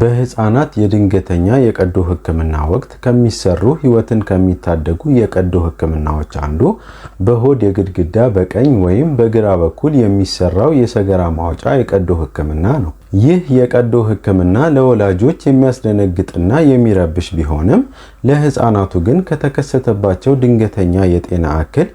በህፃናት የድንገተኛ የቀዶ ህክምና ወቅት ከሚሰሩ ህይወትን ከሚታደጉ የቀዶ ህክምናዎች አንዱ በሆድ የግድግዳ በቀኝ ወይም በግራ በኩል የሚሰራው የሰገራ ማውጫ የቀዶ ህክምና ነው። ይህ የቀዶ ህክምና ለወላጆች የሚያስደነግጥና የሚረብሽ ቢሆንም ለህፃናቱ ግን ከተከሰተባቸው ድንገተኛ የጤና እክል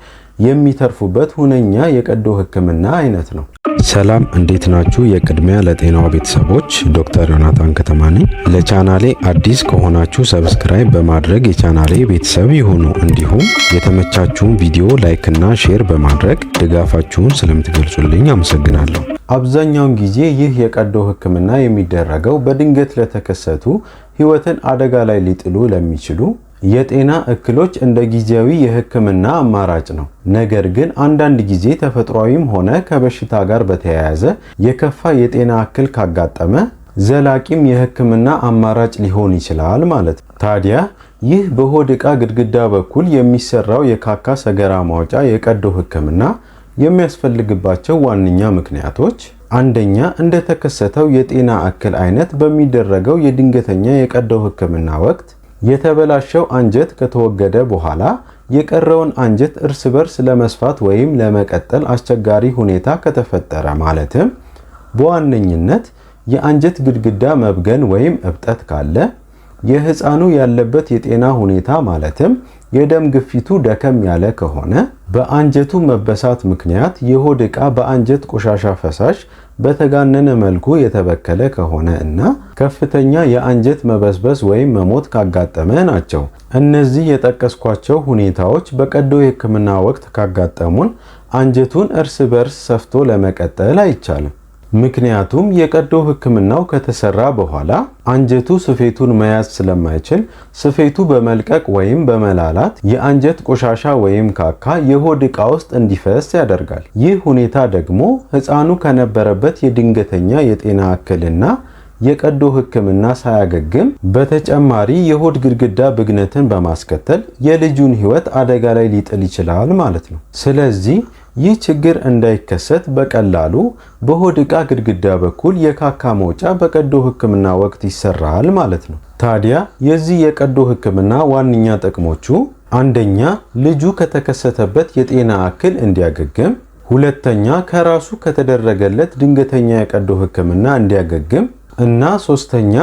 የሚተርፉበት ሁነኛ የቀዶ ህክምና አይነት ነው። ሰላም እንዴት ናችሁ? የቅድሚያ ለጤናው ቤተሰቦች ዶክተር ዮናታን ከተማ ነኝ። ለቻናሌ አዲስ ከሆናችሁ ሰብስክራይብ በማድረግ የቻናሌ ቤተሰብ ይሁኑ። እንዲሁም የተመቻችሁን ቪዲዮ ላይክና ሼር በማድረግ ድጋፋችሁን ስለምትገልጹልኝ አመሰግናለሁ። አብዛኛውን ጊዜ ይህ የቀዶ ህክምና የሚደረገው በድንገት ለተከሰቱ ህይወትን አደጋ ላይ ሊጥሉ ለሚችሉ የጤና እክሎች እንደ ጊዜያዊ የህክምና አማራጭ ነው። ነገር ግን አንዳንድ ጊዜ ተፈጥሯዊም ሆነ ከበሽታ ጋር በተያያዘ የከፋ የጤና እክል ካጋጠመ ዘላቂም የህክምና አማራጭ ሊሆን ይችላል ማለት ነው። ታዲያ ይህ በሆድ ዕቃ ግድግዳ በኩል የሚሰራው የካካ ሰገራ ማውጫ የቀዶ ህክምና የሚያስፈልግባቸው ዋነኛ ምክንያቶች አንደኛ እንደተከሰተው የጤና እክል አይነት በሚደረገው የድንገተኛ የቀዶ ህክምና ወቅት የተበላሸው አንጀት ከተወገደ በኋላ የቀረውን አንጀት እርስ በርስ ለመስፋት ወይም ለመቀጠል አስቸጋሪ ሁኔታ ከተፈጠረ ማለትም በዋነኝነት የአንጀት ግድግዳ መብገን ወይም እብጠት ካለ፣ የህፃኑ ያለበት የጤና ሁኔታ ማለትም የደም ግፊቱ ደከም ያለ ከሆነ፣ በአንጀቱ መበሳት ምክንያት የሆድ ዕቃ በአንጀት ቆሻሻ ፈሳሽ በተጋነነ መልኩ የተበከለ ከሆነ እና ከፍተኛ የአንጀት መበስበስ ወይም መሞት ካጋጠመ ናቸው። እነዚህ የጠቀስኳቸው ሁኔታዎች በቀዶ የህክምና ወቅት ካጋጠሙን አንጀቱን እርስ በርስ ሰፍቶ ለመቀጠል አይቻልም። ምክንያቱም የቀዶ ሕክምናው ከተሰራ በኋላ አንጀቱ ስፌቱን መያዝ ስለማይችል ስፌቱ በመልቀቅ ወይም በመላላት የአንጀት ቆሻሻ ወይም ካካ የሆድ ዕቃ ውስጥ እንዲፈስ ያደርጋል። ይህ ሁኔታ ደግሞ ሕፃኑ ከነበረበት የድንገተኛ የጤና እክልና የቀዶ ሕክምና ሳያገግም በተጨማሪ የሆድ ግድግዳ ብግነትን በማስከተል የልጁን ሕይወት አደጋ ላይ ሊጥል ይችላል ማለት ነው። ስለዚህ ይህ ችግር እንዳይከሰት በቀላሉ በሆድ ዕቃ ግድግዳ በኩል የካካ መውጫ በቀዶ ሕክምና ወቅት ይሰራል ማለት ነው። ታዲያ የዚህ የቀዶ ሕክምና ዋነኛ ጥቅሞቹ አንደኛ ልጁ ከተከሰተበት የጤና እክል እንዲያገግም፣ ሁለተኛ ከራሱ ከተደረገለት ድንገተኛ የቀዶ ሕክምና እንዲያገግም እና ሶስተኛ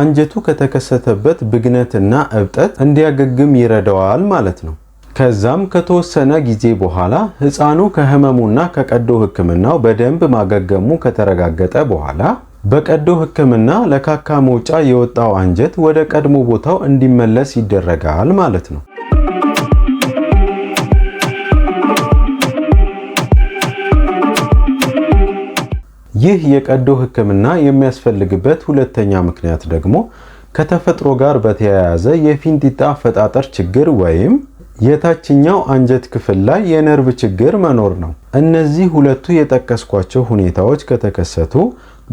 አንጀቱ ከተከሰተበት ብግነትና እብጠት እንዲያገግም ይረዳዋል ማለት ነው። ከዛም ከተወሰነ ጊዜ በኋላ ህፃኑ ከህመሙና ከቀዶ ህክምናው በደንብ ማገገሙ ከተረጋገጠ በኋላ በቀዶ ህክምና ለካካ መውጫ የወጣው አንጀት ወደ ቀድሞ ቦታው እንዲመለስ ይደረጋል ማለት ነው። ይህ የቀዶ ህክምና የሚያስፈልግበት ሁለተኛ ምክንያት ደግሞ ከተፈጥሮ ጋር በተያያዘ የፊንጢጣ አፈጣጠር ችግር ወይም የታችኛው አንጀት ክፍል ላይ የነርቭ ችግር መኖር ነው። እነዚህ ሁለቱ የጠቀስኳቸው ሁኔታዎች ከተከሰቱ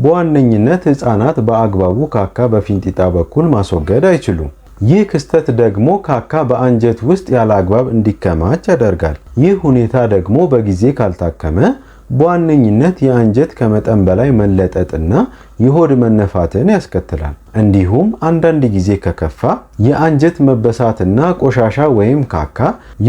በዋነኝነት ህፃናት በአግባቡ ካካ በፊንጢጣ በኩል ማስወገድ አይችሉም። ይህ ክስተት ደግሞ ካካ በአንጀት ውስጥ ያለ አግባብ እንዲከማች ያደርጋል። ይህ ሁኔታ ደግሞ በጊዜ ካልታከመ በዋነኝነት የአንጀት ከመጠን በላይ መለጠጥና የሆድ መነፋትን ያስከትላል። እንዲሁም አንዳንድ ጊዜ ከከፋ የአንጀት መበሳትና ቆሻሻ ወይም ካካ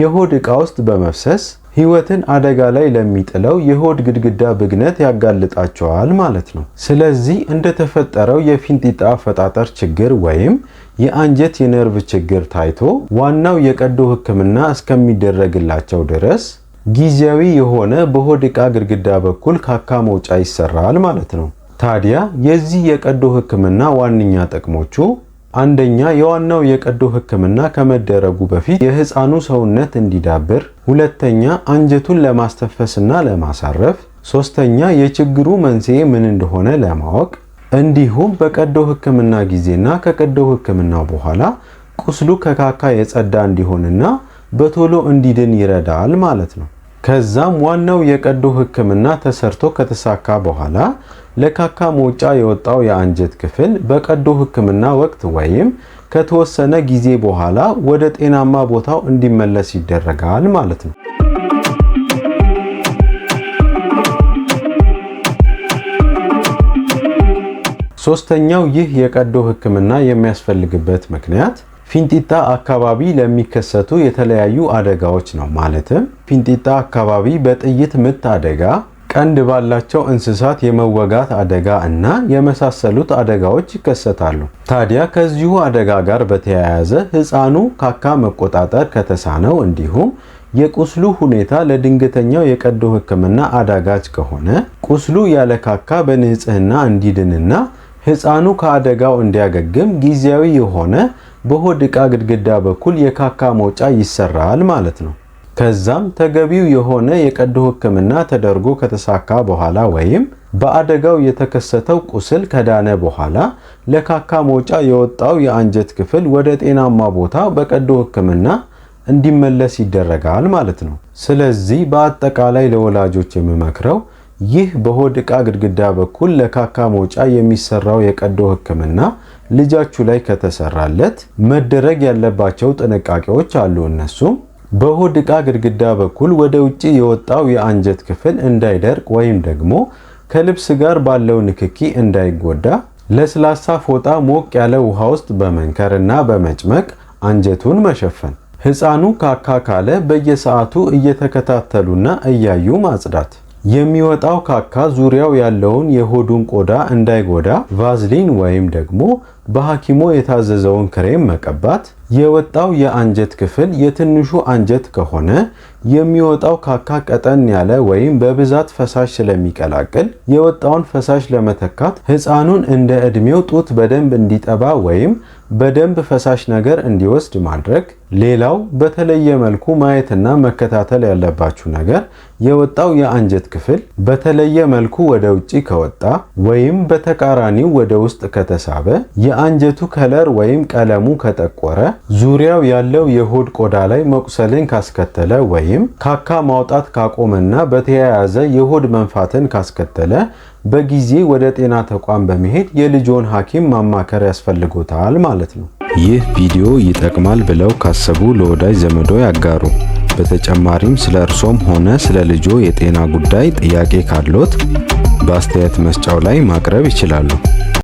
የሆድ ዕቃ ውስጥ በመፍሰስ ሕይወትን አደጋ ላይ ለሚጥለው የሆድ ግድግዳ ብግነት ያጋልጣቸዋል ማለት ነው። ስለዚህ እንደተፈጠረው የፊንጢጣ አፈጣጠር ችግር ወይም የአንጀት የነርቭ ችግር ታይቶ ዋናው የቀዶ ሕክምና እስከሚደረግላቸው ድረስ ጊዜያዊ የሆነ በሆድ ዕቃ ግድግዳ በኩል ካካ መውጫ ይሰራል ማለት ነው። ታዲያ የዚህ የቀዶ ህክምና ዋነኛ ጥቅሞቹ አንደኛ የዋናው የቀዶ ህክምና ከመደረጉ በፊት የህፃኑ ሰውነት እንዲዳብር፣ ሁለተኛ አንጀቱን ለማስተፈስና ለማሳረፍ፣ ሶስተኛ የችግሩ መንስኤ ምን እንደሆነ ለማወቅ እንዲሁም በቀዶ ህክምና ጊዜና ከቀዶ ህክምናው በኋላ ቁስሉ ከካካ የጸዳ እንዲሆንና በቶሎ እንዲድን ይረዳል ማለት ነው። ከዛም ዋናው የቀዶ ሕክምና ተሰርቶ ከተሳካ በኋላ ለካካ መውጫ የወጣው የአንጀት ክፍል በቀዶ ሕክምና ወቅት ወይም ከተወሰነ ጊዜ በኋላ ወደ ጤናማ ቦታው እንዲመለስ ይደረጋል ማለት ነው። ሶስተኛው ይህ የቀዶ ሕክምና የሚያስፈልግበት ምክንያት ፊንጢጣ አካባቢ ለሚከሰቱ የተለያዩ አደጋዎች ነው። ማለትም ፊንጢጣ አካባቢ በጥይት ምት አደጋ፣ ቀንድ ባላቸው እንስሳት የመወጋት አደጋ እና የመሳሰሉት አደጋዎች ይከሰታሉ። ታዲያ ከዚሁ አደጋ ጋር በተያያዘ ሕፃኑ ካካ መቆጣጠር ከተሳነው እንዲሁም የቁስሉ ሁኔታ ለድንገተኛው የቀዶ ሕክምና አዳጋች ከሆነ ቁስሉ ያለ ካካ በንጽህና እንዲድንና ሕፃኑ ከአደጋው እንዲያገግም ጊዜያዊ የሆነ በሆድ ዕቃ ግድግዳ በኩል የካካ መውጫ ይሰራል ማለት ነው። ከዛም ተገቢው የሆነ የቀዶ ሕክምና ተደርጎ ከተሳካ በኋላ ወይም በአደጋው የተከሰተው ቁስል ከዳነ በኋላ ለካካ መውጫ የወጣው የአንጀት ክፍል ወደ ጤናማ ቦታ በቀዶ ሕክምና እንዲመለስ ይደረጋል ማለት ነው። ስለዚህ በአጠቃላይ ለወላጆች የምመክረው ይህ በሆድ ዕቃ ግድግዳ በኩል ለካካ መውጫ የሚሰራው የቀዶ ሕክምና ልጃችሁ ላይ ከተሰራለት መደረግ ያለባቸው ጥንቃቄዎች አሉ። እነሱም በሆድ ዕቃ ግድግዳ በኩል ወደ ውጭ የወጣው የአንጀት ክፍል እንዳይደርቅ ወይም ደግሞ ከልብስ ጋር ባለው ንክኪ እንዳይጎዳ ለስላሳ ፎጣ ሞቅ ያለ ውሃ ውስጥ በመንከር እና በመጭመቅ አንጀቱን መሸፈን። ህፃኑ ካካ ካለ በየሰዓቱ እየተከታተሉና እያዩ ማጽዳት። የሚወጣው ካካ ዙሪያው ያለውን የሆዱን ቆዳ እንዳይጎዳ ቫዝሊን ወይም ደግሞ በሐኪሞ የታዘዘውን ክሬም መቀባት። የወጣው የአንጀት ክፍል የትንሹ አንጀት ከሆነ የሚወጣው ካካ ቀጠን ያለ ወይም በብዛት ፈሳሽ ስለሚቀላቅል የወጣውን ፈሳሽ ለመተካት ሕፃኑን እንደ ዕድሜው ጡት በደንብ እንዲጠባ ወይም በደንብ ፈሳሽ ነገር እንዲወስድ ማድረግ ሌላው በተለየ መልኩ ማየትና መከታተል ያለባችሁ ነገር የወጣው የአንጀት ክፍል በተለየ መልኩ ወደ ውጪ ከወጣ ወይም በተቃራኒው ወደ ውስጥ ከተሳበ፣ የአንጀቱ ከለር ወይም ቀለሙ ከጠቆረ፣ ዙሪያው ያለው የሆድ ቆዳ ላይ መቁሰልን ካስከተለ ወይም ካካ ማውጣት ካቆመና በተያያዘ የሆድ መንፋትን ካስከተለ በጊዜ ወደ ጤና ተቋም በመሄድ የልጆን ሐኪም ማማከር ያስፈልጎታል ማለት ነው። ይህ ቪዲዮ ይጠቅማል ብለው ካሰቡ ለወዳጅ ዘመዶ ያጋሩ። በተጨማሪም ስለ እርሶም ሆነ ስለ ልጆ የጤና ጉዳይ ጥያቄ ካሎት በአስተያየት መስጫው ላይ ማቅረብ ይችላሉ።